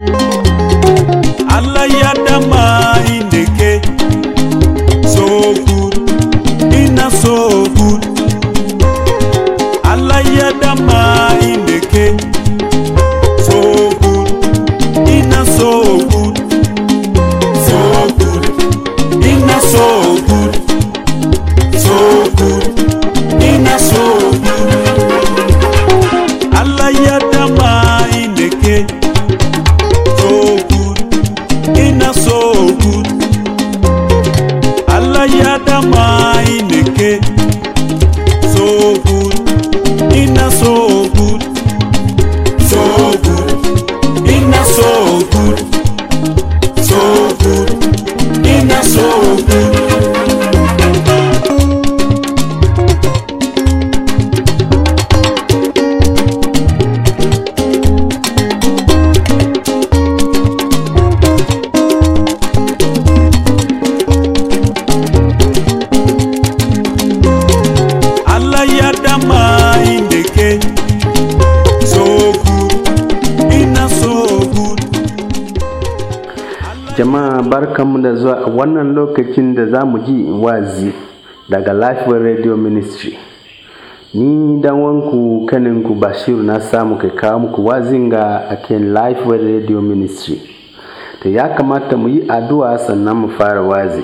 you wannan lokacin da za mu ji wazi daga Life Radio Ministry. Ni dan wanku kaninku Bashiru na samu kai kawo muku wazi ga akan Life Radio Ministry. Da ya kamata mu yi addu'a sannan mu fara wazi.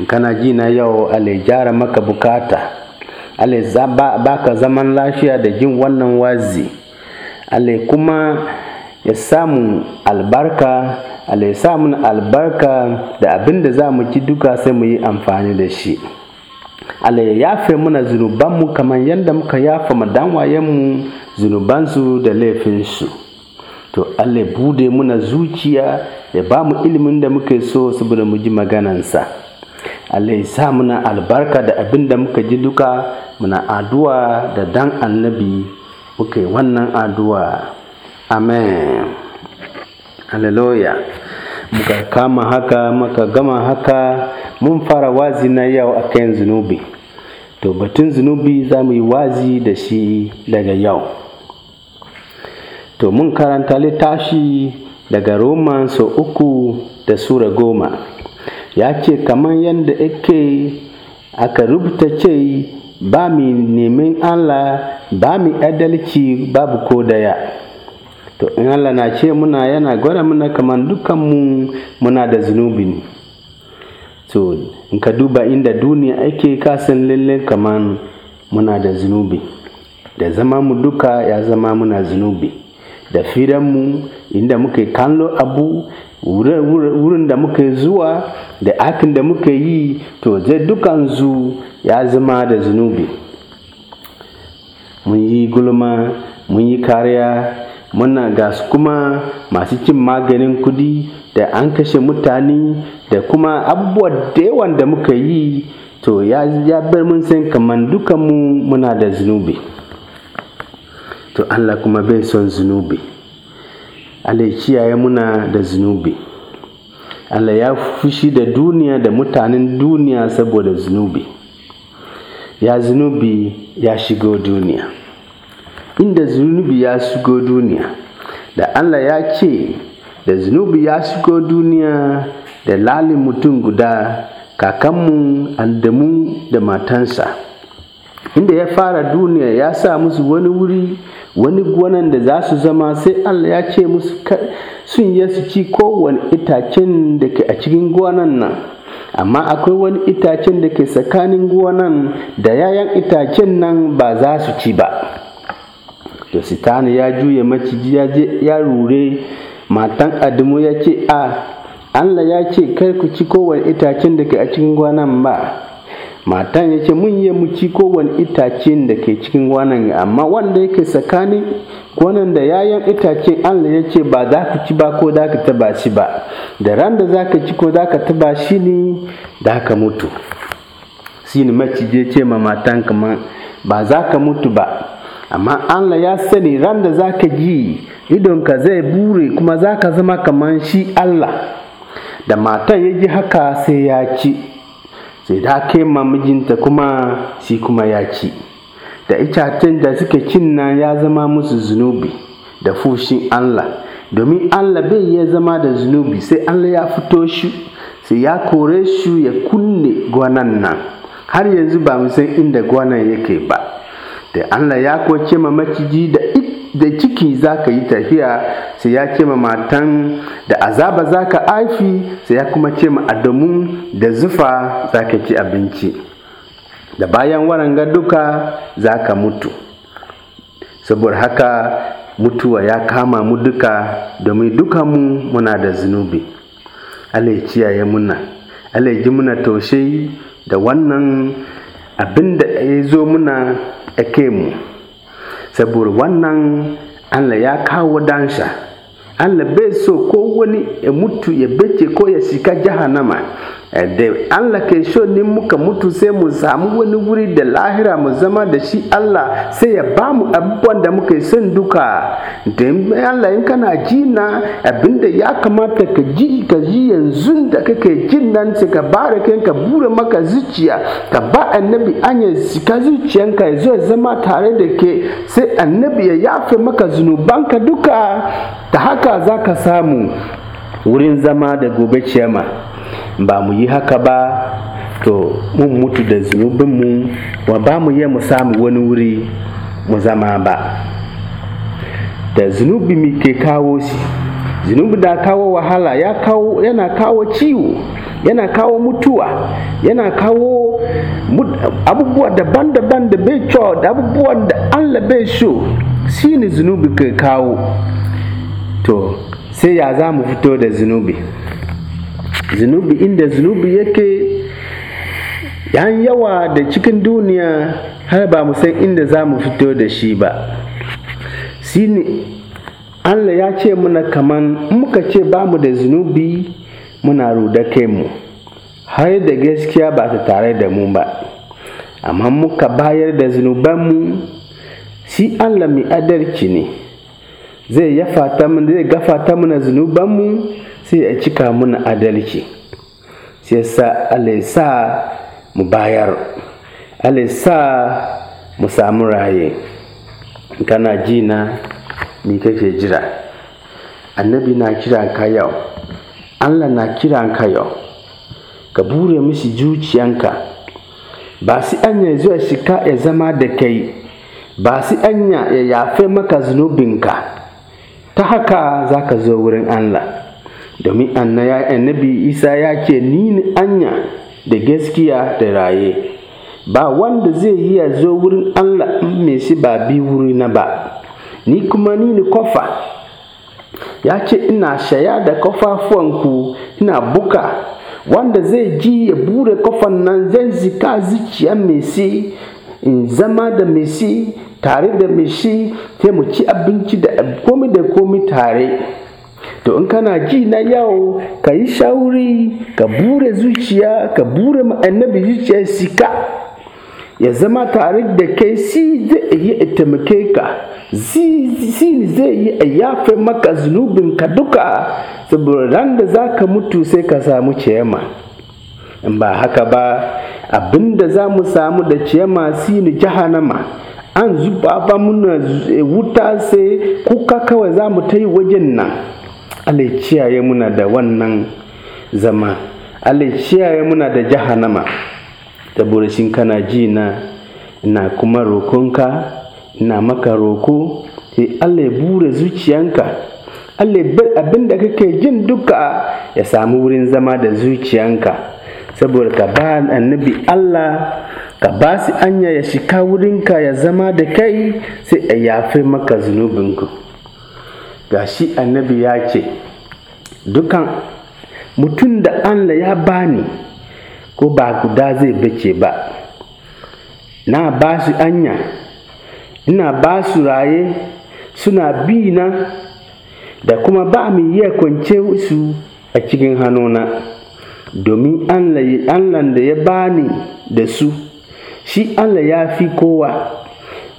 In kana ji na yau Allah gyara maka bukata. Allah baka zaman lafiya da jin wannan wazi. ale kuma ya samu albarka Allah ya samu albarka da abin da za mu ci duka sai mu yi amfani da shi Allah ya yafe mana zunubanmu kamar yadda muka yafa ma mu, zunubansu da laifinsu to Allah ya bude muna zuciya ya ba mu ilimin da muke so saboda mu ji maganansa Allah ya sa muna albarka da abin da muka ji duka muna addu'a da dan annabi muke wannan addu'a amen haleluya muka kama haka muka gama haka mun fara wazi na yau akan zunubi to batun zunubi za mu yi wazi da shi daga yau to mun karanta littafi daga roman so uku da sura goma ya ce kamar yadda ake aka rubuta ce ba mi neman allah ba mi adalci babu ko daya to in Allah na ce muna yana gwada muna kamar mu muna da zunubi ne To in ka duba inda duniya ake kasan lalle kamar muna da zunubi da zama mu duka ya zama muna zunubi da firanmu inda muke kallo abu wurin da muke zuwa da akin da muke yi to zai zu ya zama da zunubi mun yi gulma mun yi kariya muna ga kuma masu cin maganin kudi da an kashe mutane da kuma abubuwa da yawan da muka yi to ya bar mun san kamar dukanmu muna da zunubi to allah kuma bai son zunubi allah ya kiyaye muna da zunubi allah ya fushi da duniya da mutanen duniya saboda zunubi ya zunubi ya shigo duniya inda zunubi ya shigo duniya da Allah ya ce da zunubi ya shigo duniya da lalin mutum guda kakanmu andamu da matansa inda ya fara duniya ya sa musu wani wuri wani gwanan da za su zama sai Allah ya ce musu sun yi su ci kowane itacen da ke a cikin gwanan nan amma akwai wani itacen da ke tsakanin gwanan da yayan itacen nan ba za su ci ba yositani ya juya maciji ya je ya rure matan adamu ya ce a allah ya ce kar ku ci kowane itacen da ke a cikin gwanan ba matan ya ce mun yi mu ci kowane itacen da ke cikin gwanan amma wanda yake tsakanin gwanan da yayan itacen allah ya ce ba za ku ci ba ko za ka taba shi ba da ran da za ka ci ko za ka taba shi ne za ka mutu shi ne maciji ya ce ma matan kamar ba za ka mutu ba amma Allah ya sani ran da za ka ji idonka zai bure kuma za ka zama kamar shi Allah da matan ya ji haka sai ya ci sai da ake mamijinta kuma shi kuma ya ci da itacen da suke cin nan ya zama musu zunubi da fushin Allah domin Allah bai ya zama da zunubi sai Allah ya fito shi sai ya kore shi ya kunne gwanan nan har yanzu ba mu san inda gwanan yake ba da Allah ya ko ce ma maciji da ciki za ka yi tafiya sai ya ce ma matan da azaba za ka aifi sai ya kuma ce ma adamu da zufa za ka ci abinci da bayan waranga duka za ka mutu saboda haka mutuwa ya kama mu duka domin dukanmu muna da zunubi Allah ya ciyaye muna Allah ya ji muna taushe da wannan abin da ya zo muna ake mu saboda wannan allah ya kawo dansa, allah bai so ko wani ya mutu ya bece ko ya shika jahannama da Allah kai so ni muka mutu sai mu samu wani wuri da lahira mu zama da shi Allah sai ya ba mu abubuwan da muka yi son duka da Allah in kana ji na abinda ya kamata ka ji ka ji yanzu da kake jin nan sai ka bare kai ka bure maka zuciya ka ba annabi anya ka zuciyanka ya zo zama tare da ke sai annabi ya yafe maka zunubanka duka ta haka za ka samu wurin zama da gobe ciyama ba mu yi haka ba to mun mutu da zunubinmu wa ba mu yi mu samu wani wuri mu zama ba da zunubi mi ke kawo shi zunubi da kawo wahala ya kawo yana kawo ciwo yana kawo mutuwa yana kawo abubuwa daban-daban da bai kyau da abubuwan da allah bai so shi ne zunubi ke kawo to sai ya za mu fito da zunubi zunubi inda zunubi yake yan yawa da cikin duniya har ba mu san inda za mu fito da shi ba shine Allah ya ce muna kaman muka ce ba mu da zunubi muna ruda kai mu har da gaskiya ba ta tare da mu ba amma muka bayar da zunubanmu shi Allah mai adalci ne zai zai gafata mana zunubanmu sai ya cika mana adalci sai sa Allah sa mu bayar Allah sa mu samu raye kana ji na me kake jira annabi na kiran ka yau Allah na kira ka yau ka bure mishi zuciyanka ba su anya zuwa shika ya zama da kai ba su anya ya yafe maka zunubinka ta haka za ka zo wurin Allah domin annabi isa ya ce ni anya da gaskiya da raye ba wanda zai iya zo wurin allah mai shi ba bi na ba ni kuma ni ni kofa ya ce ina shaya da ku ina buka wanda zai ji ya bure kofan nan zai zika zuciya mai in zama da mai tare da mai shi sai mu ci abinci da komi da komi tare to in kana ji na yau ka yi shauri ka bure zuciya ka bure annabi zuciya sika ya zama tare da kai si zai yi taimake ka si zai yi a yafe maka zunubin ka duka saboda ran da za ka mutu sai ka samu ciyama in ba haka ba abinda za mu samu da ciyama si ni jahanama an zuba ba muna eh, wuta sai kuka kawai za mu ta yi wajen nan Allah ciyaye muna da wannan zama Allah ciyaye muna da jahannama da burashin kana ji na na kuma rokonka na maka roko sai Allah ya bure zuciyanka Allah abin da kake jin duka ya samu wurin zama da zuciyanka saboda ka ba annabi Allah ka ba su anya ya shika wurinka ya zama da kai sai a yafe maka zunubinku ga shi annabi ya ce dukan mutum da Allah ya bani ko ba guda zai bace ba na ba su anya ina ba su raye suna bi na da kuma ba mu iya kwance su a cikin hannuna domin Allah da ya bani da su shi Allah ya fi kowa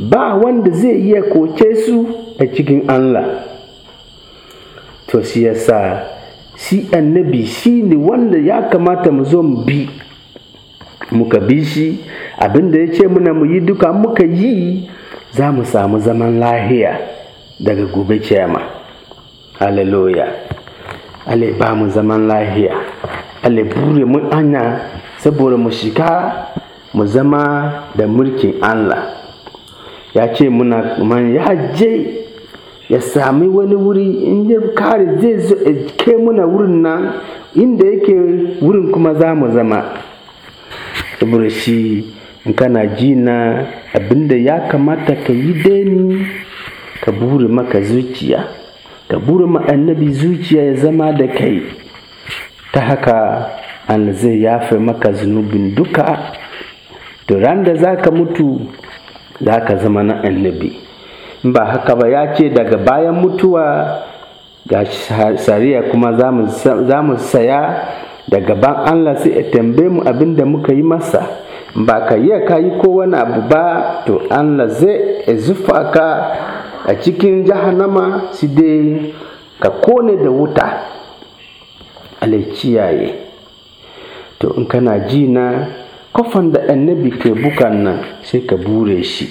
ba wanda zai iya koce su a cikin Allah to shi yasa shi annabi shi ne wanda ya kamata mu zo mu bi muka bi shi abinda ya ce muna mu yi duka muka yi za mu samu zaman lahiya daga gobe kiyama hallelujah ale ba mu zaman lahiya ale bure mu anya saboda mu shika mu zama da mulkin allah ya ce muna man ya je ya sami wani wuri in ya kare zai zo ke muna wurin nan inda yake wurin kuma za mu zama saboda shi in kana ji na abinda ya kamata ka yi deni, ka bure maka zuciya ka bure ma annabi zuciya ya zama da kai ta haka an zai yafe maka zunubin duka to ran da za ka mutu za ka zama na annabi ba haka ba ya ce daga bayan mutuwa ga sariya kuma za mu saya daga gaban Allah sai ya tambaye mu abin da muka yi masa ba ka yi ka yi ko wani abu ba to Allah zai zufa ka a cikin jahannama su dai ka kone da wuta alaiciyaye to in kana ji na kofan da annabi ke bukan nan sai ka bure shi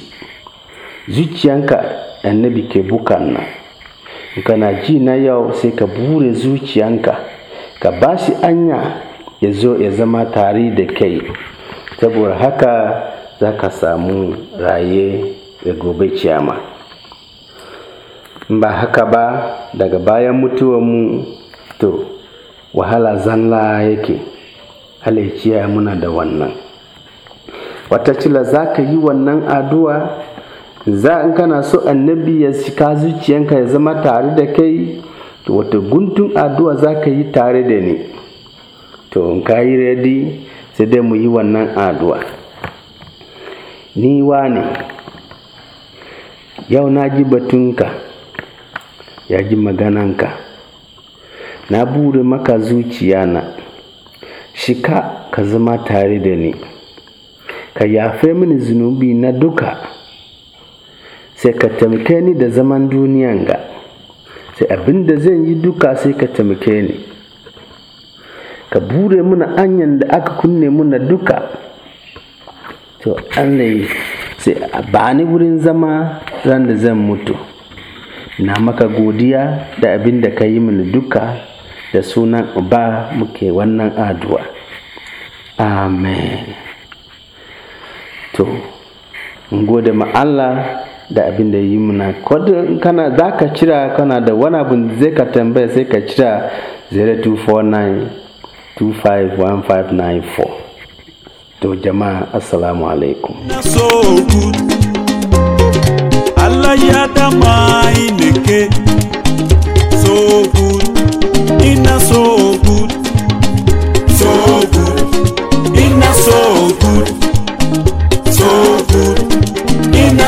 zuciyanka annabi ke bukan nan kana ji na yau sai ka bure zuciyanka ka ba shi anya ya zo ya zama tare da kai saboda haka za ka samu raye da gobe ciyama ba haka ba daga bayan mu to wahala zanla yake halaiciya muna da wannan wata za ka yi wannan addu'a za in kana so annabi ya shika zuciyanka ya zama tare da kai to wata guntun addu'a za ka yi tare da ni to in ka yi ready sai dai mu yi wannan addu'a ni wa ne yau na ji batunka ya ji magananka na bude maka zuciya na shika ka zama tare da ni ka yafe mini zunubi na duka sai ka taimake ni da zaman duniyan ga sai abin da zan yi duka sai ka taimake ni ka bure muna anyan da aka kunne muna duka to Allah sai ba ni wurin zama ran da zan mutu na maka godiya da abin da ka yi mini duka da sunan ba muke wannan addu'a amen to gode ma Allah da abin da yi muna kana za ka cira kana da wani abin zai ka tambaya sai ka cira 0249251594 to jama'a assalamu alaikum Allah ya dama inike so good ina so good so good ina so good